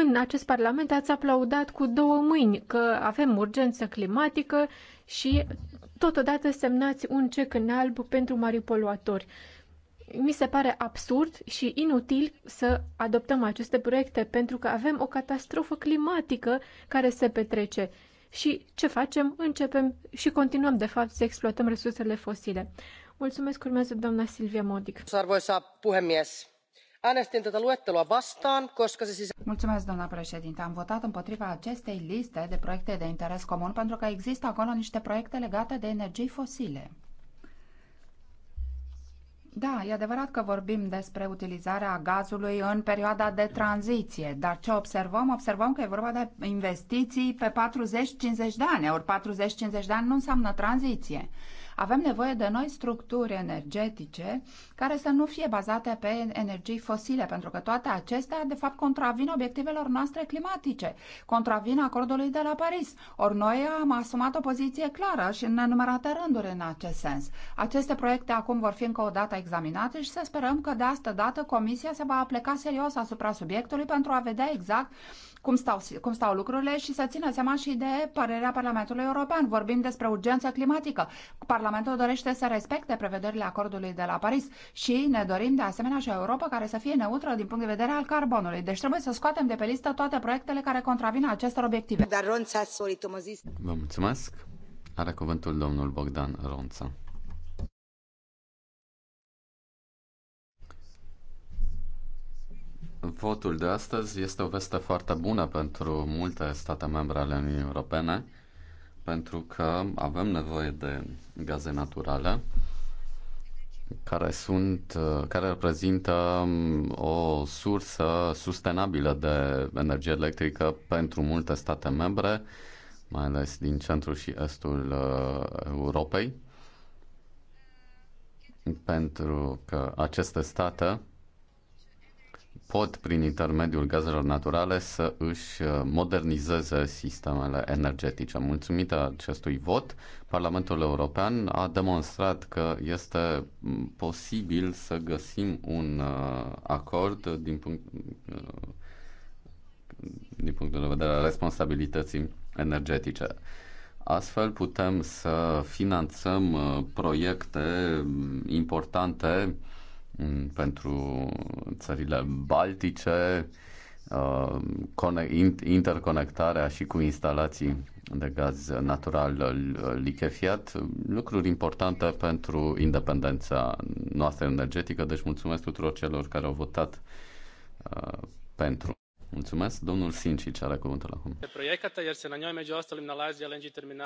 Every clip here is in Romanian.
în acest Parlament ați aplaudat cu două mâini că avem urgență climatică și totodată semnați un cec în alb pentru mari poluatori. Mi se pare absurd și inutil să adoptăm aceste proiecte pentru că avem o catastrofă climatică care se petrece. Și ce facem? Începem și continuăm, de fapt, să exploatăm resursele fosile. Mulțumesc, urmează doamna Silvia Modic. Arvoisa puhemies, äänestin tätä luetteloa vastaan koska se sisältää. doamnă președintă am votat împotriva acestei liste de proiecte de interes comun pentru că există acolo niște proiecte legate de energii fosile. Da, e adevărat că vorbim despre utilizarea gazului în perioada de tranziție, dar ce observăm? Observăm că e vorba de investiții pe 40-50 de ani, ori 40-50 de ani nu înseamnă tranziție. Avem nevoie de noi structuri energetice care să nu fie bazate pe energii fosile, pentru că toate acestea, de fapt, contravin obiectivelor noastre climatice, contravin acordului de la Paris. Ori noi am asumat o poziție clară și în nenumărate rânduri în acest sens. Aceste proiecte acum vor fi încă o dată examinate și să sperăm că de asta dată Comisia se va apleca serios asupra subiectului pentru a vedea exact cum stau, cum stau lucrurile și să țină seama și de părerea Parlamentului European. Vorbim despre urgență climatică. Parlamentul dorește să respecte prevederile acordului de la Paris și ne dorim de asemenea și o Europa care să fie neutră din punct de vedere al carbonului. Deci trebuie să scoatem de pe listă toate proiectele care contravin acestor obiective. Vă mulțumesc. Are cuvântul domnul Bogdan Ronța. Votul de astăzi este o veste foarte bună pentru multe state membre ale Uniunii Europene, pentru că avem nevoie de gaze naturale care sunt, care reprezintă um, o sursă sustenabilă de energie electrică pentru multe state membre, mai ales din centrul și estul uh, Europei, pentru că aceste state pot, prin intermediul gazelor naturale, să își uh, modernizeze sistemele energetice. Mulțumită acestui vot, Parlamentul European a demonstrat că este posibil să găsim un uh, acord din punct, uh, din punctul de vedere al responsabilității energetice. Astfel putem să finanțăm proiecte importante pentru țările baltice, uh, interconectarea și cu instalații de gaz natural lichefiat, lucruri importante pentru independența noastră energetică, deci mulțumesc tuturor celor care au votat uh, pentru. Mulțumesc, domnul Sinci, are cuvântul acum.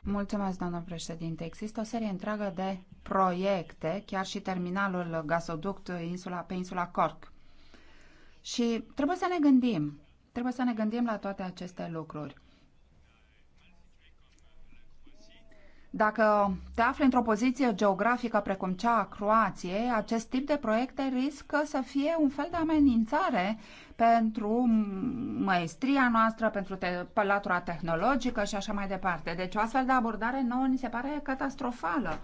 Mulțumesc, doamnă președinte. Există o serie întreagă de proiecte, chiar și terminalul gazoduct insula, pe insula Cork. Și trebuie să ne gândim, trebuie să ne gândim la toate aceste lucruri. Dacă te afli într-o poziție geografică precum cea a Croației, acest tip de proiecte riscă să fie un fel de amenințare pentru maestria noastră, pentru te- latura tehnologică și așa mai departe. Deci o astfel de abordare nouă ni se pare catastrofală.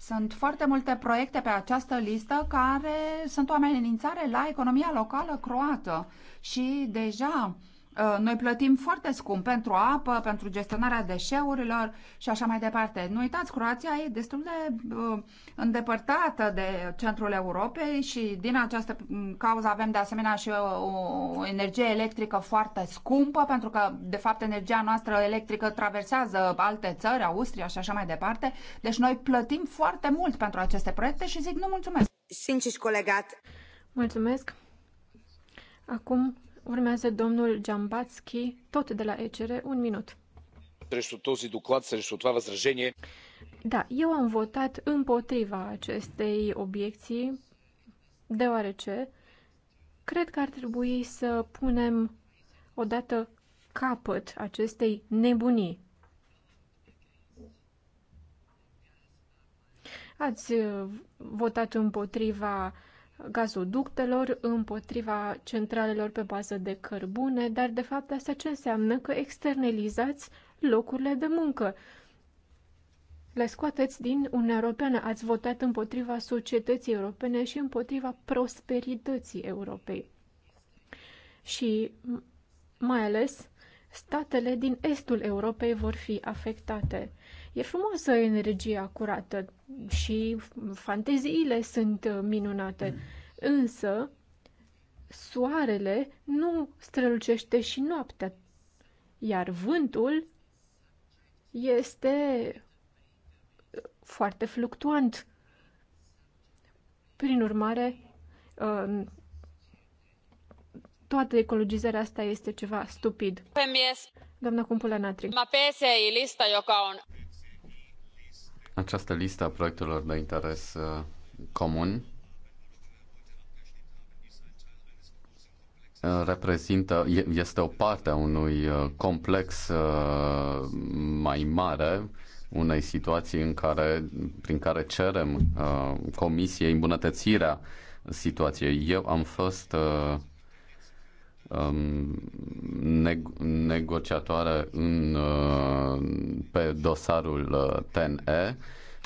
Sunt foarte multe proiecte pe această listă care sunt o amenințare la economia locală croată și deja uh, Uh, noi plătim foarte scump pentru apă, pentru gestionarea deșeurilor și așa mai departe. Nu uitați, Croația e destul de uh, îndepărtată de centrul Europei și din această cauză avem de asemenea și uh, o energie electrică foarte scumpă, pentru că, de fapt, energia noastră electrică traversează alte țări, Austria și așa mai departe. Deci noi plătim foarte mult pentru aceste proiecte și zic nu mulțumesc. Sincer, colegat. Mulțumesc. Acum Urmează domnul Giambatski, tot de la ECR, un minut. Da, eu am votat împotriva acestei obiecții, deoarece cred că ar trebui să punem odată capăt acestei nebunii. Ați votat împotriva gazoductelor, împotriva centralelor pe bază de cărbune, dar de fapt asta ce înseamnă? Că externalizați locurile de muncă. Le scoateți din Uniunea Europeană, ați votat împotriva societății europene și împotriva prosperității Europei. Și mai ales statele din estul Europei vor fi afectate. E frumoasă energia curată și fanteziile sunt minunate, mm. însă soarele nu strălucește și noaptea, iar vântul este foarte fluctuant. Prin urmare, um, toată ecologizarea asta este ceva stupid. Doamna Cumpula Natri. Mä pesei lista, joka on această listă a proiectelor de interes uh, comun uh, reprezintă, este o parte a unui uh, complex mai mare unei situații în care, prin care cerem uh, comisiei îmbunătățirea situației. Eu am fost uh, Um, negociatoare în, uh, pe dosarul uh, TNE,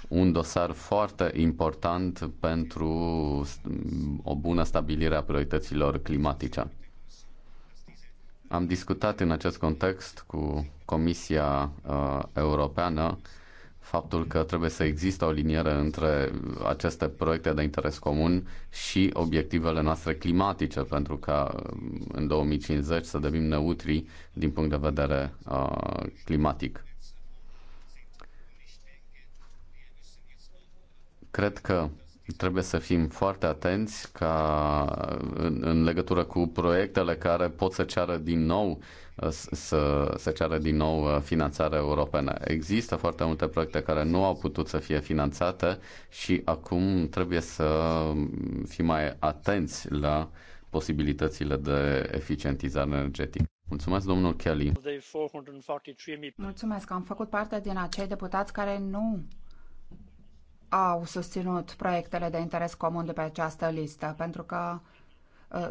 un dosar foarte important pentru o bună stabilire a priorităților climatice. Am discutat în acest context cu Comisia uh, Europeană faptul că trebuie să există o liniere între aceste proiecte de interes comun și obiectivele noastre climatice, pentru că uh, în 2050 să devenim neutri din punct de vedere uh, climatic. Cred că trebuie să fim foarte atenți ca uh, în, în legătură cu proiectele care pot să ceară din nou uh, să să ceară din nou uh, finanțare europeană. Există foarte multe proiecte care nu au putut să fie finanțate și acum trebuie să fim mai atenți la posibilitățile de eficientizare energetică. Mulțumesc, domnul Kelly. Mulțumesc, am făcut parte din acei deputați care nu au susținut proiectele de interes comun de pe această listă, pentru că uh,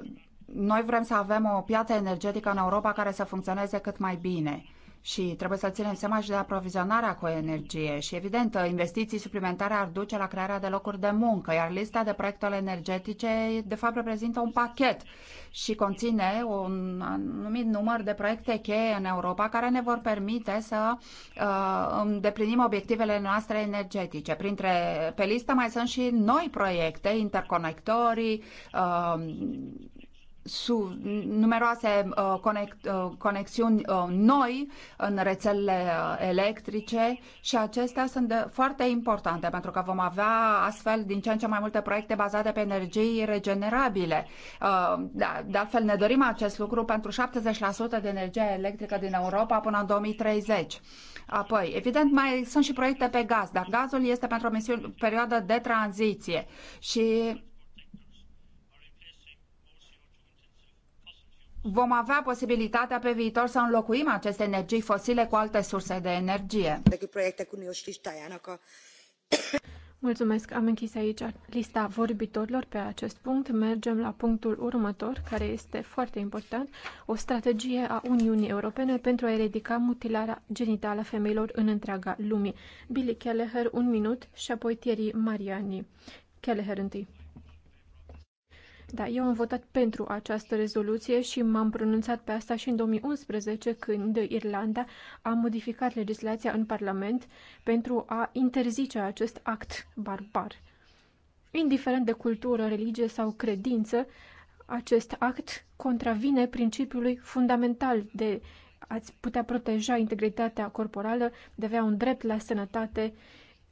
noi vrem să avem o piață energetică în Europa care să funcționeze cât mai bine și trebuie să ținem seama și de aprovizionarea cu energie și, evident, investiții suplimentare ar duce la crearea de locuri de muncă, iar lista de proiectele energetice, de fapt, reprezintă un pachet și conține un anumit număr de proiecte cheie în Europa care ne vor permite să uh, îndeplinim obiectivele noastre energetice. Printre, pe listă mai sunt și noi proiecte, interconectorii, uh, su, numeroase uh, conex, uh, conexiuni uh, noi în rețelele uh, electrice și acestea sunt de, foarte importante pentru că vom avea astfel din ce în ce mai multe proiecte bazate pe energii regenerabile. Uh, de, da, de altfel ne dorim acest lucru pentru 70% de energie electrică din Europa până în 2030. Apoi, evident, mai sunt și proiecte pe gaz, dar gazul este pentru o misiune, perioadă de tranziție și vom avea posibilitatea pe viitor să înlocuim aceste energii fosile cu alte surse de energie. Mulțumesc, am închis aici lista vorbitorilor pe acest punct. Mergem la punctul următor, care este foarte important, o strategie a Uniunii Europene pentru a eradica mutilarea genitală a femeilor în întreaga lume. Billy Kelleher, un minut, și apoi Thierry Mariani. Kelleher întâi. Da, eu am votat pentru această rezoluție și m-am pronunțat pe asta și în 2011, când Irlanda a modificat legislația în Parlament pentru a interzice acest act barbar. Indiferent de cultură, religie sau credință, acest act contravine principiului fundamental de a-ți putea proteja integritatea corporală, de a avea un drept la sănătate, uh,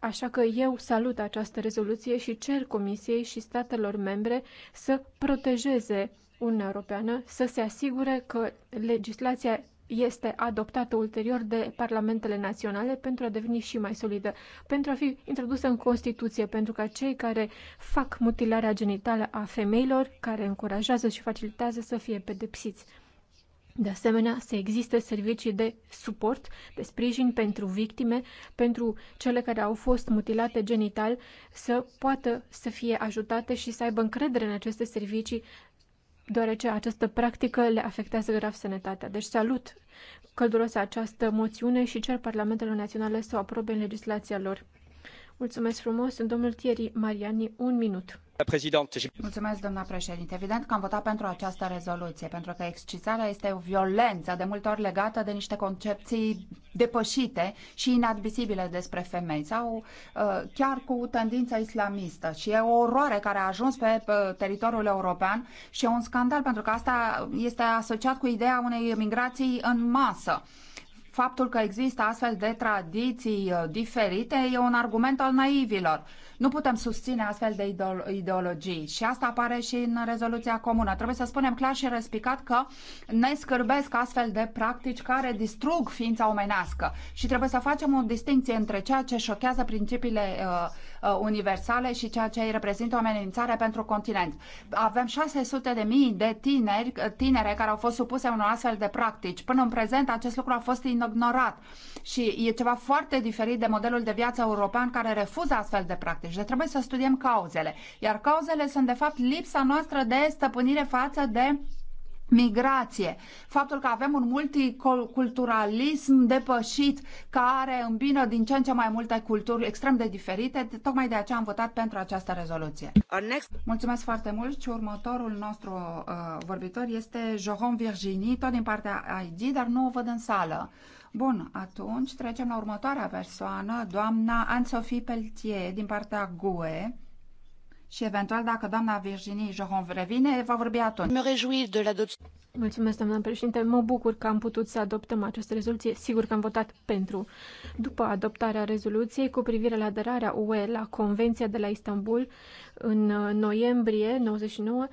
Așa că eu salut această rezoluție și cer Comisiei și statelor membre să protejeze Uniunea Europeană, să se asigure că legislația este adoptată ulterior de parlamentele naționale pentru a deveni și mai solidă, pentru a fi introdusă în Constituție, pentru ca cei care fac mutilarea genitală a femeilor, care încurajează și facilitează să fie pedepsiți. De asemenea, să existe servicii de suport, de sprijin pentru victime, pentru cele care au fost mutilate genital, să poată să fie ajutate și să aibă încredere în aceste servicii, deoarece această practică le afectează grav sănătatea. Deci salut călduros această moțiune și cer Parlamentelor Naționale să o aprobe în legislația lor. Mulțumesc frumos. domnul Thierry Mariani, un minut. Mulțumesc, doamna președinte. Evident că am votat pentru această rezoluție, pentru că excizarea este o violență de multe ori legată de niște concepții depășite și inadmisibile despre femei sau uh, chiar cu tendința islamistă. Și e o oroare care a ajuns pe uh, teritoriul european și e un scandal pentru că asta este asociat cu ideea unei migrații în masă. Uh, faptul că există astfel de tradiții uh, diferite e un argument al naivilor. Nu putem susține astfel de ideologii și asta apare și în rezoluția comună. Trebuie să spunem clar și răspicat că ne scârbesc astfel de practici care distrug ființa omenească și trebuie să facem o distinție între ceea ce șochează principiile uh, Uh, universale și ceea ce reprezintă o amenințare pentru continent. Avem 600 de mii de tineri, uh, tinere care au fost supuse unor astfel de practici. Până în prezent acest lucru a fost ignorat și e ceva foarte diferit de modelul de viață european care refuză astfel de practici. Deci trebuie să studiem cauzele. Iar cauzele sunt de fapt lipsa noastră de stăpânire față de migrație, faptul că avem un multiculturalism depășit care îmbină din ce în ce mai multe culturi extrem de diferite, tocmai de aceea am votat pentru această rezoluție. Mulțumesc foarte mult și următorul nostru uh, vorbitor este Johan Virginie, tot din partea ID, dar nu o văd în sală. Bun, atunci trecem la următoarea persoană, doamna Anne-Sophie Peltier, din partea GUE și eventual dacă doamna Virginie Johon revine, va vorbi atunci. Mulțumesc, doamna președinte. Mă bucur că am putut să adoptăm această rezoluție. Sigur că am votat pentru. După adoptarea rezoluției cu privire la aderarea UE la Convenția de la Istanbul în uh, noiembrie 99,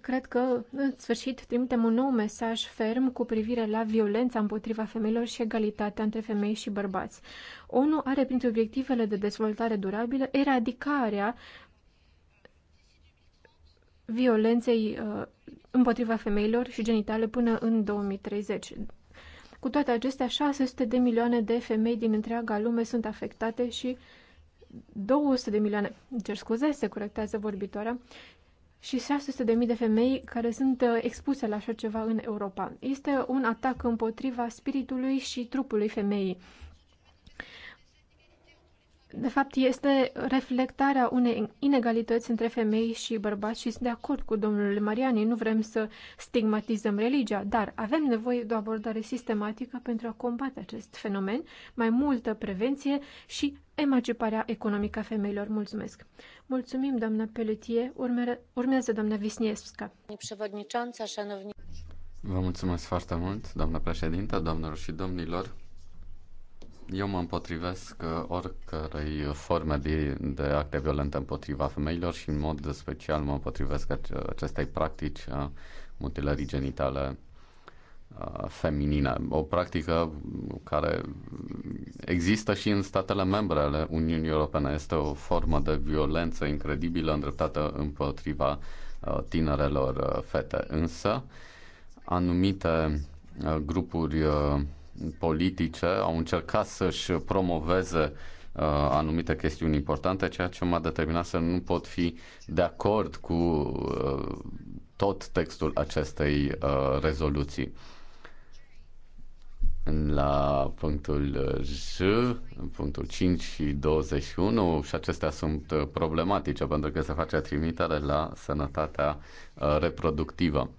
Cred că, în sfârșit, trimitem un nou mesaj ferm cu privire la violența împotriva femeilor și egalitatea între femei și bărbați. ONU are printre obiectivele de dezvoltare durabilă eradicarea violenței uh, împotriva femeilor și genitale până în 2030. Cu toate acestea, 600 de milioane de femei din întreaga lume sunt afectate și 200 de milioane, cer scuze, se corectează vorbitoarea, și 600 de mii de femei care sunt uh, expuse la așa ceva în Europa. Este un atac împotriva spiritului și trupului femeii de fapt, este reflectarea unei inegalități între femei și bărbați și sunt de acord cu domnul Mariani, nu vrem să stigmatizăm religia, dar avem nevoie de o abordare sistematică pentru a combate acest fenomen, mai multă prevenție și emanciparea economică a femeilor. Mulțumesc! Mulțumim, doamna Peletie. Urmează doamna Visniewska. Vă mulțumesc foarte mult, doamna președintă, doamnelor și domnilor. Eu mă împotrivesc uh, oricărei forme de, de acte violente împotriva femeilor și în mod special mă împotrivesc acestei practici a uh, mutilării genitale uh, feminine o practică care există și în statele membre ale Uniunii Europene. Este o formă de violență incredibilă îndreptată împotriva tinerelor fete. Însă, anumite grupuri politice au încercat să-și promoveze uh, anumite chestiuni importante, ceea ce m-a determinat să nu pot fi de acord cu uh, tot textul acestei uh, rezoluții. La punctul J, punctul 5 și 21 și acestea sunt problematice pentru că se face trimitere la sănătatea reproductivă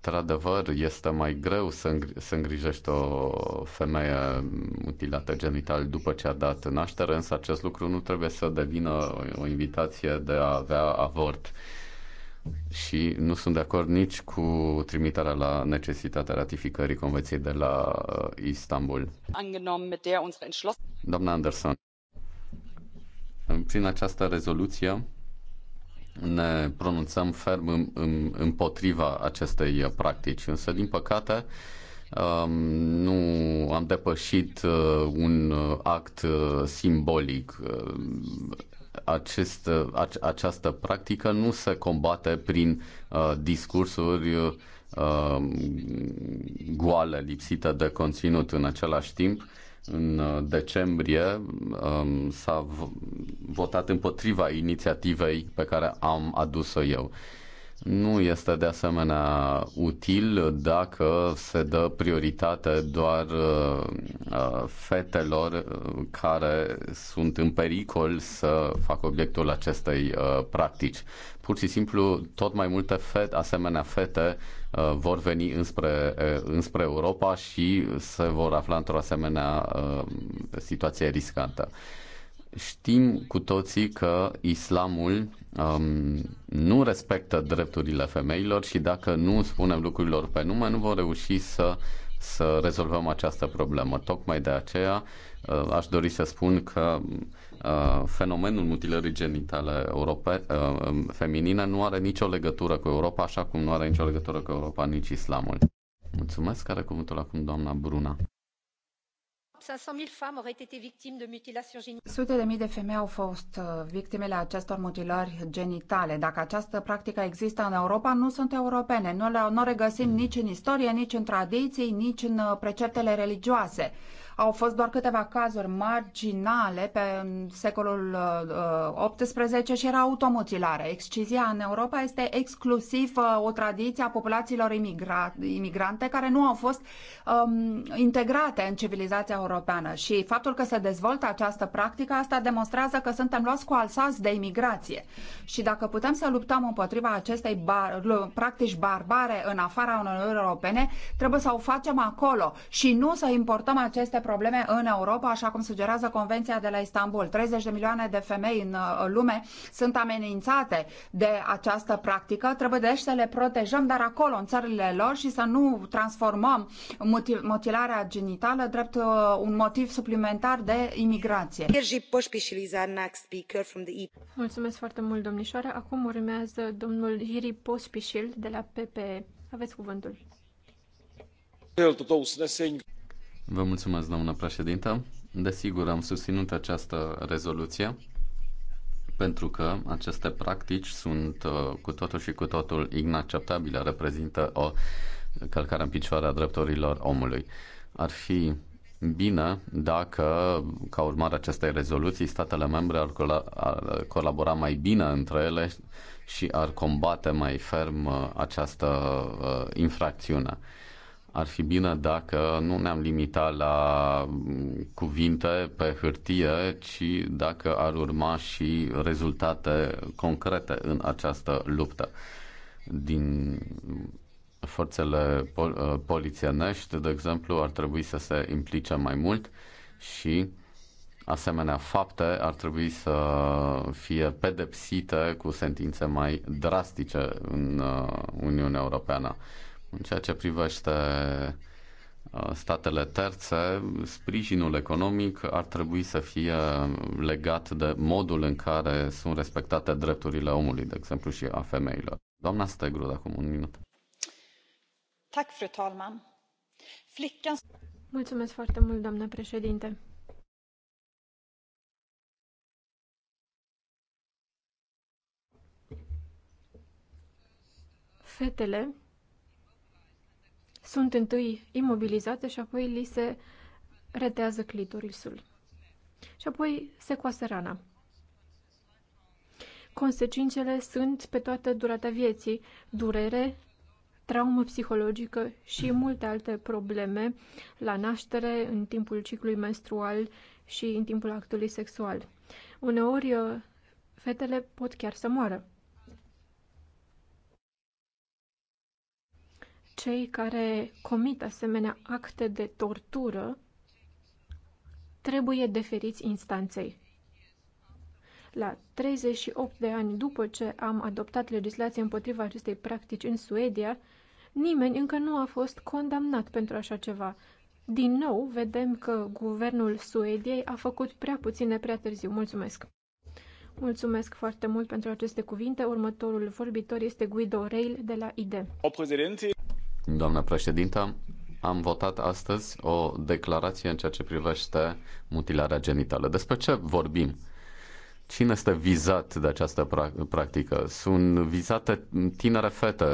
într-adevăr este mai greu să, îngri- să îngrijești o femeie mutilată genital după ce a dat naștere, însă acest lucru nu trebuie să devină o invitație de a avea avort. Și nu sunt de acord nici cu trimiterea la necesitatea ratificării Convenției de la uh, Istanbul. Doamna Anderson, prin această rezoluție ne pronunțăm ferm împotriva acestei practici. Însă, din păcate, um, nu am depășit uh, un act uh, simbolic. Uh, acest, această practică nu se combate prin discursuri um, goale, lipsite de conținut în același timp în uh, decembrie um, s-a votat împotriva inițiativei pe care am adus-o eu. Nu este de asemenea util dacă se dă prioritate doar uh, uh, fetelor care sunt în pericol să facă obiectul acestei practici. Pur și simplu, tot mai multe fete, asemenea fete Uh, vor veni înspre, uh, înspre Europa și se vor afla într-o asemenea uh, situație riscantă. Știm cu toții că islamul um, nu respectă drepturile femeilor și dacă nu spunem lucrurilor pe nume, nu vom reuși să, să rezolvăm această problemă. Tocmai de aceea uh, aș dori să spun că Uh, fenomenul mutilării genitale europe, uh, um, feminine nu are nicio legătură cu Europa, așa cum nu are nicio legătură cu Europa nici islamul. Mulțumesc, care cuvântul acum doamna Bruna. Sute de mii de femei au fost uh, victimele acestor mutilări genitale. Dacă această practică există în Europa, nu sunt europene. Nu, le, nu regăsim mm. nici în istorie, nici în tradiții, nici în preceptele religioase. Au fost doar câteva cazuri marginale pe secolul XVIII uh, și era automutilare. Excizia în Europa este exclusiv uh, o tradiție a populațiilor imigrante care nu au fost um, integrate în civilizația europeană și faptul că se dezvoltă această practică, asta demonstrează că suntem luați cu alsați de imigrație. Și dacă putem să luptăm împotriva acestei bar, practici barbare în afara Uniunii Europene, trebuie să o facem acolo și nu să importăm aceste probleme în Europa, așa cum sugerează Convenția de la Istanbul. 30 de milioane de femei în uh, lume sunt amenințate de această practică. Trebuie deci să le protejăm, dar acolo, în țările lor, și să nu transformăm mutilarea genitală drept uh, un motiv suplimentar de imigrație. Mulțumesc foarte mult, domnișoară. Acum urmează domnul Hiri Pospișil de la PPE. Aveți cuvântul. Vă mulțumesc, doamnă președintă. Desigur, am susținut această rezoluție pentru că aceste practici sunt uh, cu totul și cu totul inacceptabile, reprezintă o călcare în picioare a drepturilor omului. Ar fi bine dacă, ca urmare acestei rezoluții, statele membre ar, col- ar colabora mai bine între ele și ar combate mai ferm uh, această uh, infracțiune ar fi bine dacă nu ne-am limitat la mm, cuvinte pe hârtie, ci dacă ar urma și rezultate concrete în această luptă. Din forțele pol- uh, polițienești, de exemplu, ar trebui să se implice mai mult și asemenea fapte ar trebui să fie pedepsite cu sentințe mai drastice în uh, Uniunea Europeană. În ceea ce privește uh, statele terțe, sprijinul economic ar trebui să fie legat de modul în care sunt respectate drepturile omului, de exemplu, și a femeilor. Doamna Stegru, de acum un minut. Tak, fru talman. Flickan... Mulțumesc foarte mult, doamnă președinte. Fetele sunt întâi imobilizate și apoi li se retează clitorisul. Și apoi se coase rana. Consecințele sunt pe toată durata vieții, durere, traumă psihologică și multe alte probleme la naștere, în timpul ciclului menstrual și în timpul actului sexual. Uneori, fetele pot chiar să moară. cei care comit asemenea acte de tortură trebuie deferiți instanței. La 38 de ani după ce am adoptat legislație împotriva acestei practici în Suedia, nimeni încă nu a fost condamnat pentru așa ceva. Din nou, vedem că guvernul Suediei a făcut prea puține prea târziu. Mulțumesc! Mulțumesc foarte mult pentru aceste cuvinte. Următorul vorbitor este Guido Reil de la ID doamnă președintă. Am votat astăzi o declarație în ceea ce privește mutilarea genitală. Despre ce vorbim? Cine este vizat de această practică? Sunt vizate tinere fete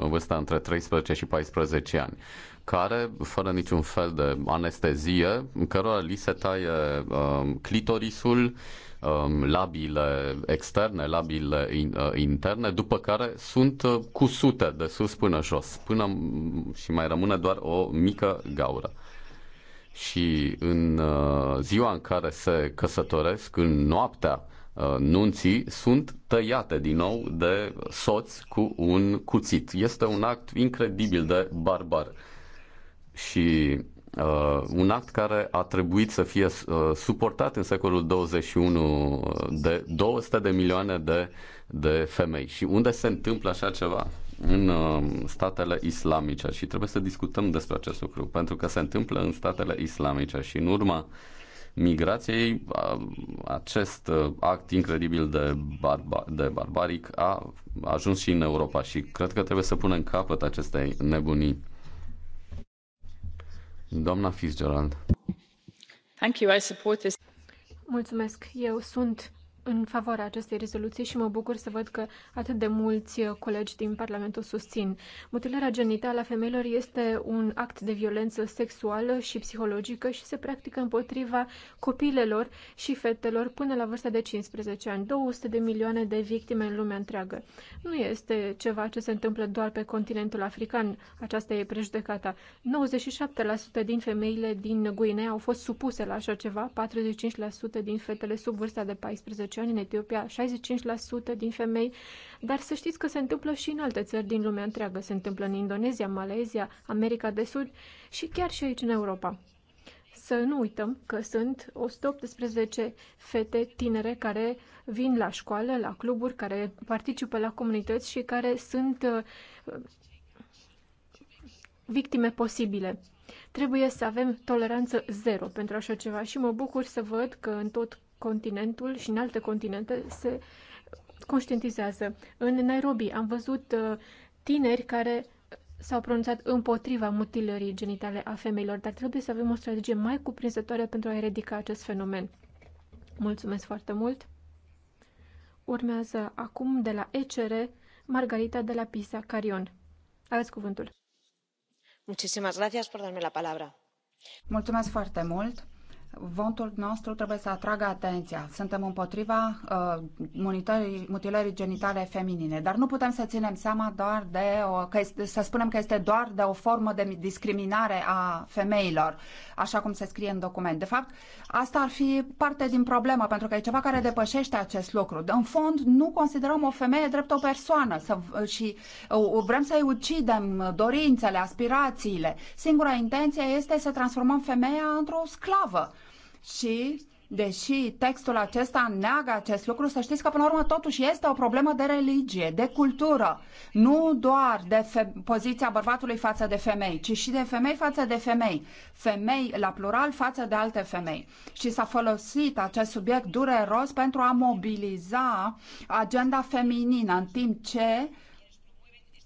în vârsta între 13 și 14 ani, care, fără niciun fel de anestezie, în cărora li se taie uh, clitorisul, Um, labile externe, labile uh, interne, după care sunt uh, cusute de sus până jos, până și mai rămâne doar o mică gaură. Și în uh, ziua în care se căsătoresc, în noaptea nunții, sunt tăiate din nou de soți cu un cuțit. Este un act incredibil de barbar. Și uh, un act care a trebuit să fie uh, suportat în secolul 21 uh, de 200 de milioane de, de femei. Și unde se întâmplă așa ceva? În uh, statele islamice. Și trebuie să discutăm despre acest lucru, pentru că se întâmplă în statele islamice și în urma migrației, uh, acest uh, act incredibil de, barba, de barbaric a ajuns și în Europa și cred că trebuie să punem capăt acestei nebunii Doamna Fitzgerald. Thank you, I support this. Mulțumesc. Eu sunt în favoarea acestei rezoluții și mă bucur să văd că atât de mulți colegi din Parlament o susțin. Mutilarea genitală a femeilor este un act de violență sexuală și psihologică și se practică împotriva copilelor și fetelor până la vârsta de 15 ani. 200 de milioane de victime în lumea întreagă. Nu este ceva ce se întâmplă doar pe continentul african. Aceasta e prejudecata. 97% din femeile din Guinea au fost supuse la așa ceva, 45% din fetele sub vârsta de 14 10 ani, în Etiopia 65% din femei, dar să știți că se întâmplă și în alte țări din lumea întreagă. Se întâmplă în Indonezia, Malezia, America de Sud și chiar și aici în Europa. Să nu uităm că sunt 118 fete tinere care vin la școală, la cluburi, care participă la comunități și care sunt uh, victime posibile. Trebuie să avem toleranță zero pentru așa ceva și mă bucur să văd că în tot continentul și în alte continente se conștientizează. În Nairobi am văzut uh, tineri care s-au pronunțat împotriva mutilării genitale a femeilor, dar trebuie să avem o strategie mai cuprinzătoare pentru a eradica acest fenomen. Mulțumesc foarte mult! Urmează acum de la ECR Margarita de la Pisa Carion. Aveți cuvântul. Muchísimas gracias por darme la palabra. Mulțumesc foarte mult! votul nostru trebuie să atragă atenția. Suntem împotriva uh, mutilării genitale feminine, dar nu putem să ținem seama doar de o, că este, să spunem că este doar de o formă de discriminare a femeilor, așa cum se scrie în document. De fapt, asta ar fi parte din problemă, pentru că e ceva care depășește acest lucru. În fond, nu considerăm o femeie drept o persoană să, și uh, vrem să-i ucidem dorințele, aspirațiile. Singura intenție este să transformăm femeia într-o sclavă și deși textul acesta neagă acest lucru, să știți că până la urmă totuși este o problemă de religie, de cultură, nu doar de poziția bărbatului față de femei, ci și de femei față de femei, femei la plural față de alte femei. Și s-a folosit acest subiect dureros pentru a mobiliza agenda feminină, în timp ce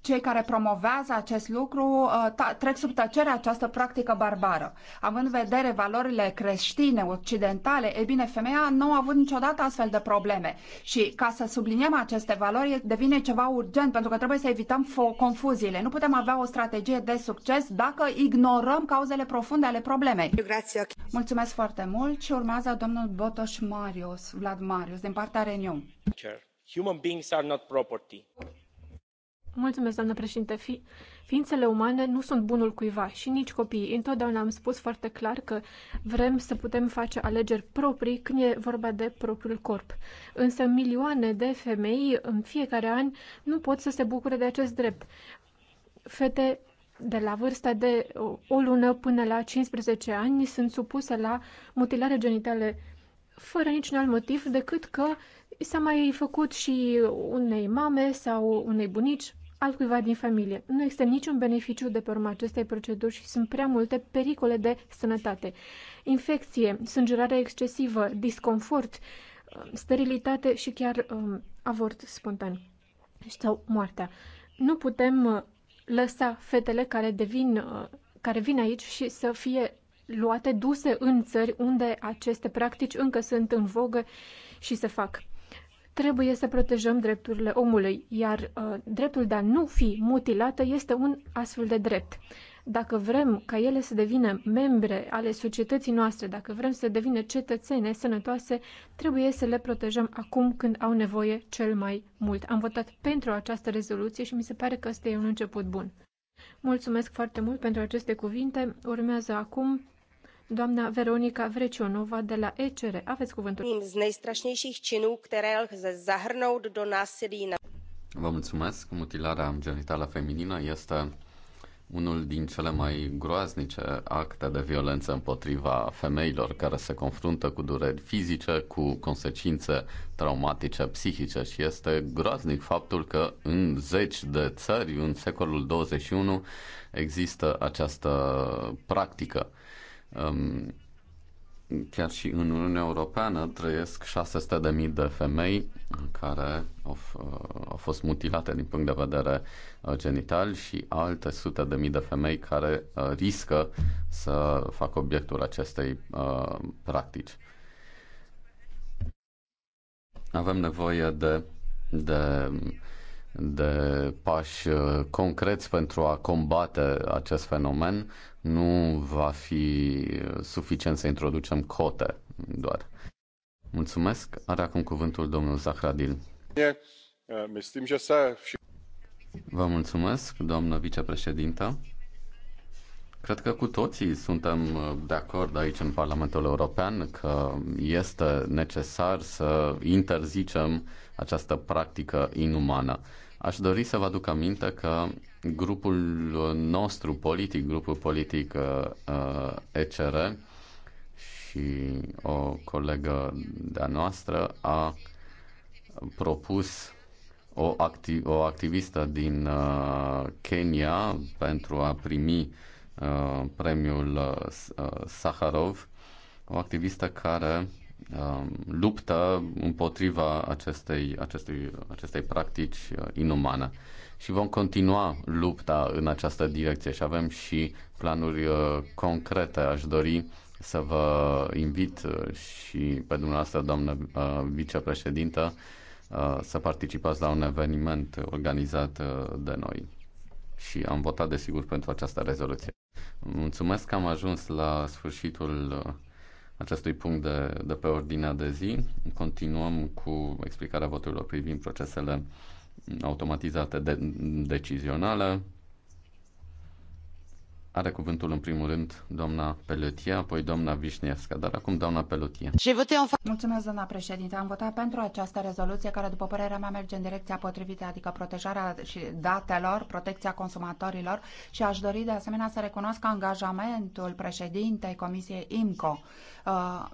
cei care promovează acest lucru uh, trec sub tăcere această practică barbară. Având în vedere valorile creștine, occidentale, e bine, femeia nu a avut niciodată astfel de probleme. Și ca să subliniem aceste valori, devine ceva urgent, pentru că trebuie să evităm confuziile. Nu putem avea o strategie de succes dacă ignorăm cauzele profunde ale problemei. Mulțumesc foarte mult și urmează domnul Botoș Marius, Vlad Marius, din partea Renew. Human beings are not property Mulțumesc, doamnă președinte. Fi, ființele umane nu sunt bunul cuiva și nici copiii. Întotdeauna am spus foarte clar că vrem să putem face alegeri proprii când e vorba de propriul corp. Însă milioane de femei în fiecare an nu pot să se bucure de acest drept. Fete de la vârsta de o lună până la 15 ani sunt supuse la mutilare genitale fără niciun alt motiv decât că s-a mai făcut și unei mame sau unei bunici altcuiva din familie. Nu există niciun beneficiu de pe urma acestei proceduri și sunt prea multe pericole de sănătate. Infecție, sângerare excesivă, disconfort, uh, sterilitate și chiar um, avort spontan sau moartea. Nu putem uh, lăsa fetele care devin, uh, care vin aici și să fie luate, duse în țări unde aceste practici încă sunt în vogă și se fac. Trebuie să protejăm drepturile omului, iar uh, dreptul de a nu fi mutilată este un astfel de drept. Dacă vrem ca ele să devină membre ale societății noastre, dacă vrem să devină cetățene sănătoase, trebuie să le protejăm acum când au nevoie cel mai mult. Am votat pentru această rezoluție și mi se pare că ăsta e un început bun. Mulțumesc foarte mult pentru aceste cuvinte. Urmează acum Doamna Veronica Vrecionova de la ECR, aveți cuvântul. Din z nejstrašnějších činů, které lze zahrnout do násilí na... Vă mulțumesc. Mutilarea genitală feminină este unul din cele mai groaznice acte de violență împotriva femeilor care se confruntă cu dureri fizice, cu consecințe traumatice, psihice și este groaznic faptul că în zeci de țări, în secolul 21, există această practică um, chiar și în Uniunea Europeană trăiesc 600.000 de femei care au, uh, au fost mutilate din punct de vedere uh, genital și alte sute de mii de femei care uh, riscă să facă obiectul acestei uh, practici. Avem nevoie de, de de pași concreți pentru a combate acest fenomen nu va fi uh, suficient să introducem cote doar. Mulțumesc. Are acum cuvântul domnul Zahradil. Uh, vă mulțumesc, doamnă vicepreședintă. Cred că cu toții suntem uh, de acord aici în Parlamentul European că este necesar să interzicem această practică inumană. Aș dori să vă aduc aminte că grupul nostru politic, grupul politic uh, uh ECR și o colegă de-a noastră a propus o, acti- o activistă din uh, Kenya pentru a primi uh, premiul uh, uh Saharov, o activistă care uh, luptă împotriva acestei, acestei, acestei practici uh, inumane și vom continua lupta în această direcție și avem și planuri uh, concrete. Aș dori să vă invit uh, și pe dumneavoastră, doamnă uh, vicepreședintă, să participați la un eveniment organizat de noi. Și am votat, desigur, pentru această rezoluție. Mulțumesc că am ajuns la sfârșitul acestui punct de, de pe ordinea de zi. Continuăm cu explicarea voturilor privind procesele automatizate de, decizionale. Are cuvântul în primul rând doamna Pelotia, apoi doamna Vișnevska, dar acum doamna Pelotia. Mulțumesc, doamna președinte. Am votat pentru această rezoluție care, după părerea mea, merge în direcția potrivită, adică protejarea și datelor, protecția consumatorilor și aș dori de asemenea să recunosc angajamentul președintei Comisiei IMCO. Uh,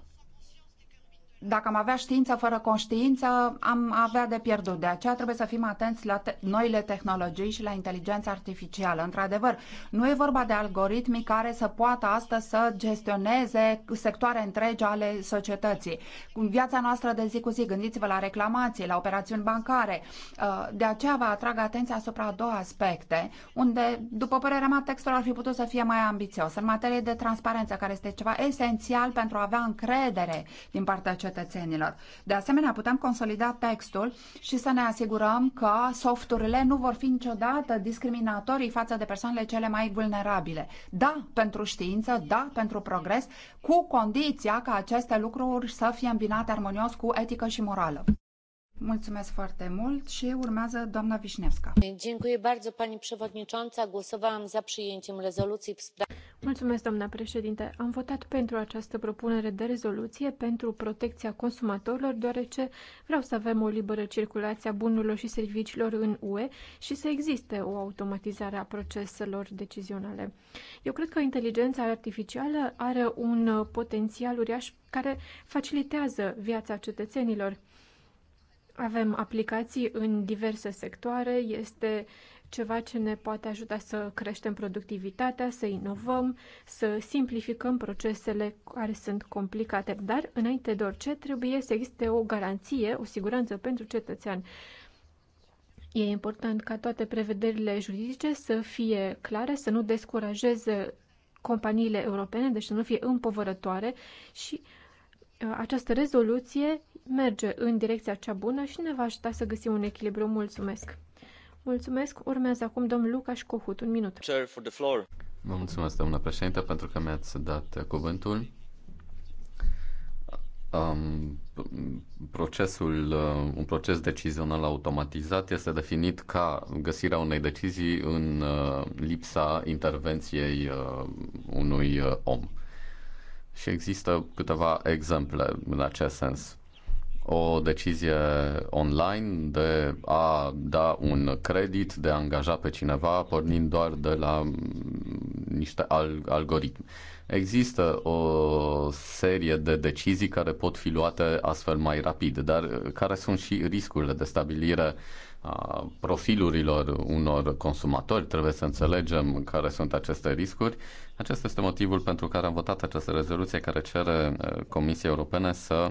dacă am avea știință fără conștiință, am avea de pierdut. De aceea trebuie să fim atenți la te- noile tehnologii și la inteligența artificială. Într-adevăr, nu e vorba de algoritmi care să poată astăzi să gestioneze sectoare întregi ale societății. În viața noastră de zi cu zi, gândiți-vă la reclamații, la operațiuni bancare. Uh, de aceea vă atrag atenția asupra a două aspecte, unde, după părerea mea, textul ar fi putut să fie mai ambițios. În materie de transparență, care este ceva esențial pentru a avea încredere din partea cetățenilor cetățenilor. De asemenea, putem consolida textul și să ne asigurăm că softurile nu vor fi niciodată discriminatorii față de persoanele cele mai vulnerabile. Da, pentru știință, da, pentru progres, cu condiția ca aceste lucruri să fie îmbinate armonios cu etică și morală. Mulțumesc foarte mult și urmează doamna Vișnevska. Dziękuję bardzo pani przewodnicząca. Głosowałam za przyjęciem rezolucji w sprawie Mulțumesc, doamna președinte. Am votat pentru această propunere de rezoluție pentru protecția consumatorilor, deoarece vreau să avem o liberă circulație a bunurilor și serviciilor în UE și să existe o automatizare a proceselor decizionale. Eu cred că inteligența artificială are un potențial uriaș care facilitează viața cetățenilor. Avem aplicații în diverse sectoare, este uh, ceva ce ne poate ajuta să creștem productivitatea, să inovăm, să simplificăm procesele care sunt complicate. Dar, înainte de orice, trebuie să existe o garanție, o siguranță pentru cetățean. E important ca toate prevederile juridice să fie clare, să nu descurajeze companiile europene, deci să nu fie împovărătoare și uh, această rezoluție merge în direcția cea bună și ne va ajuta să găsim un echilibru. Mulțumesc! Mulțumesc. Urmează acum domnul Lucas Cohut. Un minut. for the Vă mulțumesc, doamnă președinte, pentru că mi-ați dat cuvântul. Um, procesul, uh, un proces decizional automatizat este definit ca găsirea unei decizii în uh, lipsa intervenției uh, unui uh, om. Și există câteva exemple în acest sens o decizie online de a da un credit, de a angaja pe cineva, pornind doar de la mm, niște algoritmi. Există o serie de decizii care pot fi luate astfel mai rapid, dar care sunt și riscurile de stabilire a profilurilor unor consumatori. Trebuie să înțelegem care sunt aceste riscuri. Acesta este motivul pentru care am votat această rezoluție care cere eh, Comisiei Europene să uh,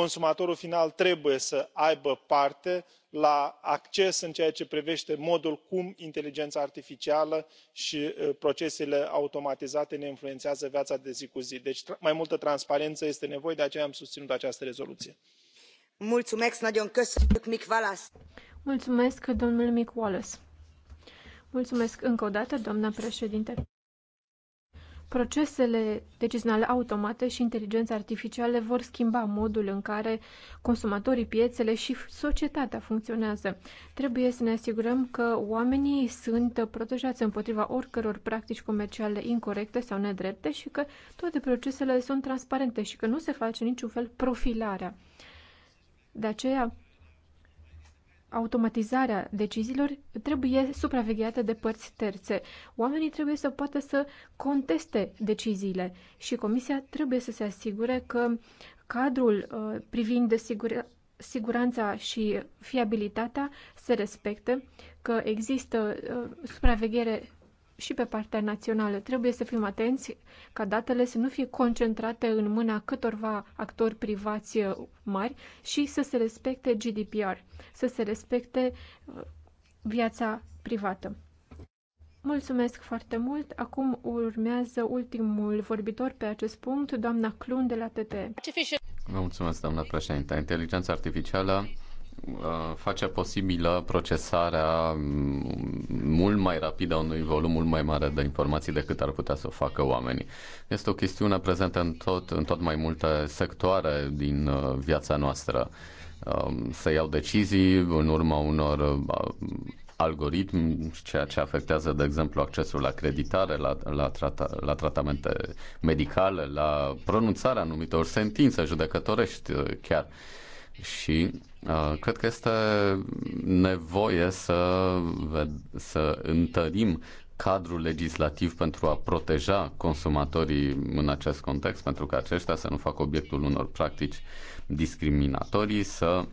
consumatorul final trebuie să aibă parte la acces în ceea ce privește modul cum inteligența artificială și uh, procesele automatizate ne influențează viața de zi cu zi deci de mai multă transparență este nevoie de aceea am susținut această rezoluție. mulțumesc domnule mick mulțumesc încă o dată doamnă președintă Procesele decizionale automate și inteligența artificială vor schimba modul în care consumatorii, piețele și societatea funcționează. Trebuie să ne asigurăm că oamenii sunt protejați împotriva oricăror practici comerciale incorrecte sau nedrepte și că toate procesele sunt transparente și că nu se face niciun fel profilarea. De aceea, automatizarea deciziilor trebuie supravegheată de părți terțe. Oamenii trebuie să poată să conteste deciziile și Comisia trebuie să se asigure că cadrul uh, privind de sigura, siguranța și fiabilitatea se respectă, că există uh, supraveghere și pe partea națională. Trebuie să fim atenți ca datele să nu fie concentrate în mâna câtorva actori privați uh, mari și să se respecte GDPR, să se respecte uh, viața privată. Mulțumesc foarte mult. Acum urmează ultimul vorbitor pe acest punct, doamna Clun de la TT. Vă mulțumesc, doamna președinte. Inteligența artificială Uh, face posibilă procesarea mm, mult mai rapidă a unui volum mult mai mare de informații decât ar putea să o facă oamenii. Este o chestiune prezentă în tot, în tot mai multe sectoare din uh, viața noastră. Um, să iau decizii în urma unor uh, algoritmi, ceea ce afectează, de exemplu, accesul la creditare, la, la, trata, la tratamente medicale, la pronunțarea anumitor sentințe judecătorești chiar. Și Uh, cred că este nevoie să, să întărim cadrul legislativ pentru a proteja consumatorii în acest context, pentru că aceștia să nu facă obiectul unor practici discriminatorii, să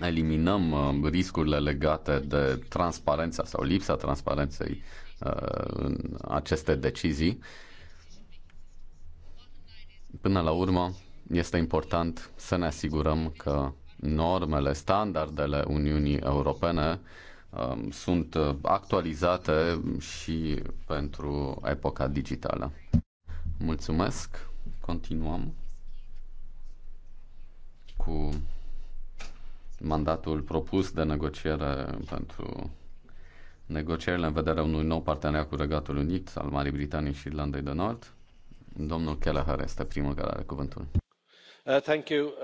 eliminăm uh, riscurile legate de transparența sau lipsa transparenței uh, în aceste decizii. Până la urmă, este important să ne asigurăm că normele, standardele Uniunii Europene um, sunt uh, actualizate și pentru epoca digitală. Mulțumesc. Continuăm cu mandatul propus de negociere pentru negocierile în vederea unui nou parteneriat cu Regatul Unit al Marii Britanii și Irlandei de Nord. Domnul Kelleher este primul care are cuvântul. Uh, thank you, uh,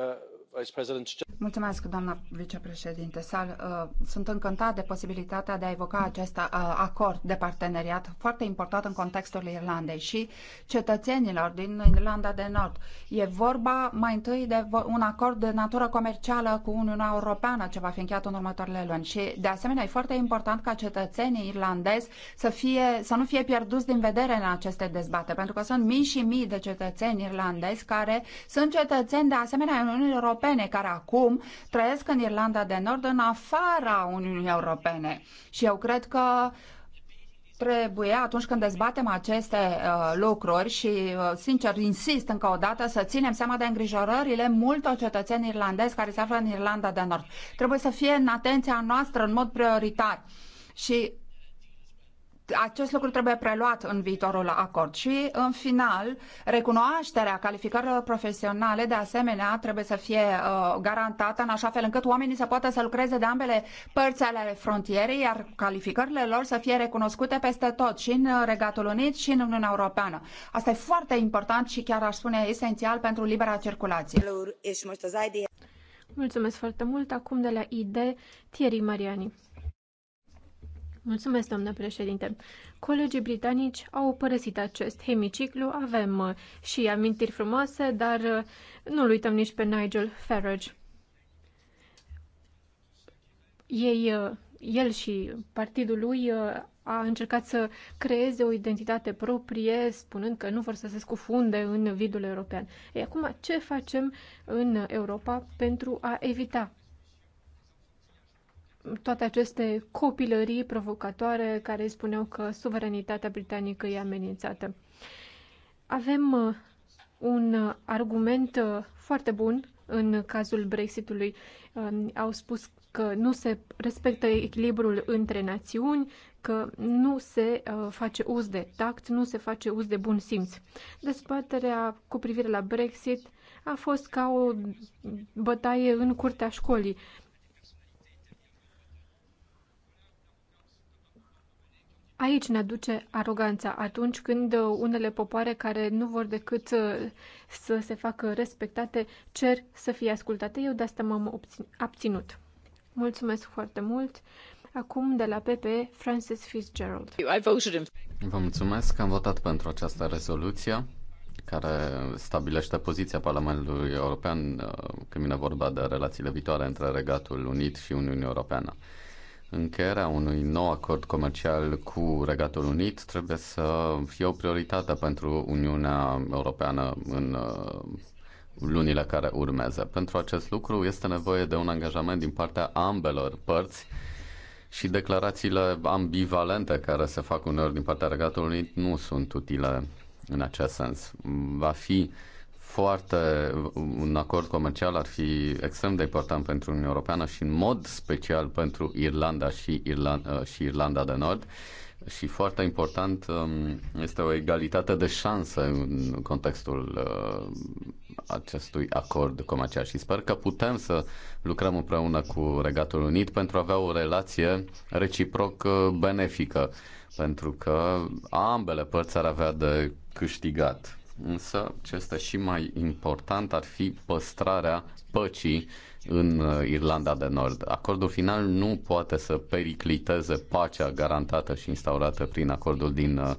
Mulțumesc, doamna vicepreședinte. Sal, uh, sunt încântat de posibilitatea de a evoca acest uh, acord de parteneriat foarte important în contextul Irlandei și cetățenilor din Irlanda de Nord. E vorba mai întâi de un acord de natură comercială cu Uniunea Europeană ce va fi încheiat în următoarele luni și de asemenea e foarte important ca cetățenii irlandezi să, fie, să nu fie pierduți din vedere în aceste dezbate, pentru că sunt mii și mii de cetățeni irlandezi care sunt cetățeni de asemenea Uniunea Europene europene care acum trăiesc în Irlanda de Nord în afara Uniunii Europene. Și eu cred că trebuie atunci când dezbatem aceste uh, lucruri și, uh, sincer, insist încă o dată să ținem seama de îngrijorările multor cetățeni irlandezi care se află în Irlanda de Nord. Trebuie să fie în atenția noastră în mod prioritar. Și acest lucru trebuie preluat în viitorul acord și, în final, recunoașterea calificărilor profesionale, de asemenea, trebuie să fie uh, garantată în așa fel încât oamenii să poată să lucreze de ambele părți ale frontierei, iar calificările lor să fie recunoscute peste tot, și în Regatul Unit și în Uniunea Europeană. Asta e foarte important și chiar aș spune esențial pentru libera circulație. Mulțumesc foarte mult. Acum de la ID, Thierry Mariani. Mulțumesc, doamnă președinte. Colegii britanici au părăsit acest hemiciclu. Avem uh, și amintiri frumoase, dar uh, nu-l uităm nici pe Nigel Farage. Ei, uh, el și partidul lui a încercat să creeze o identitate proprie, spunând că nu vor să se scufunde în vidul european. E acum, ce facem în Europa pentru a evita toate aceste copilării provocatoare care îi spuneau că suveranitatea britanică e amenințată. Avem uh, un uh, argument uh, foarte bun în cazul Brexitului. Um, au spus că nu se respectă echilibrul între națiuni, că nu se face uz de tact, nu se face uz de bun simț. Dezbaterea cu privire la Brexit a fost ca o bătaie în curtea școlii. Aici ne aduce aroganța atunci când uh, unele popoare care nu vor decât uh, să se facă respectate cer să fie ascultate. Eu de asta m-am abținut. Mulțumesc foarte mult. Acum de la PP, Francis Fitzgerald. Vă mulțumesc că am votat pentru această rezoluție care stabilește poziția Parlamentului European uh, când vine vorba de relațiile viitoare între Regatul Unit și Uniunea Europeană încheierea unui nou acord comercial cu Regatul Unit trebuie să fie o prioritate pentru Uniunea Europeană în uh, lunile care urmează. Pentru acest lucru este nevoie de un angajament din partea ambelor părți și declarațiile ambivalente care se fac uneori din partea Regatului Unit nu sunt utile în acest sens. Va fi uh, foarte, un acord comercial ar fi extrem de important pentru Uniunea Europeană și în mod special pentru Irlanda și, Irlanda uh, și Irlanda de Nord. Și foarte important um, este o egalitate de șanse în contextul uh, acestui acord comercial și sper că putem să lucrăm împreună cu Regatul Unit pentru a avea o relație reciproc uh, benefică, pentru că ambele părți ar avea de câștigat însă ce este și mai important ar fi păstrarea păcii în uh, Irlanda de Nord. Acordul final nu poate să pericliteze pacea garantată și instaurată prin acordul din uh,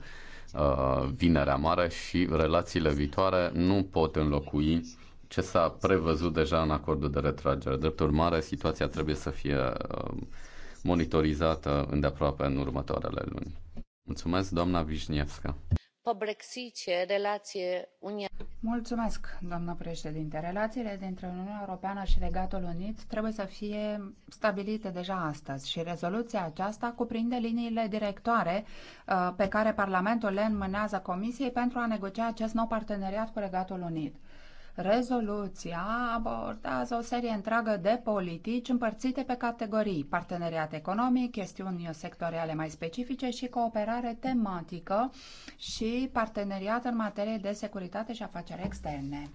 uh, Vinerea Mare și relațiile viitoare nu pot înlocui ce s-a prevăzut deja în acordul de retragere. Drept urmare, situația trebuie să fie uh, monitorizată îndeaproape în următoarele luni. Mulțumesc, doamna Vișnievska. Mulțumesc, doamnă președinte. Relațiile dintre Uniunea Europeană și Regatul Unit trebuie să fie stabilite deja astăzi și rezoluția aceasta cuprinde liniile directoare uh, pe care Parlamentul le înmânează Comisiei pentru a negocia acest nou parteneriat cu Regatul Unit. Rezoluția abordează o serie întreagă de politici împărțite pe categorii, parteneriat economic, chestiuni sectoriale mai specifice și cooperare tematică și parteneriat în materie de securitate și afaceri externe.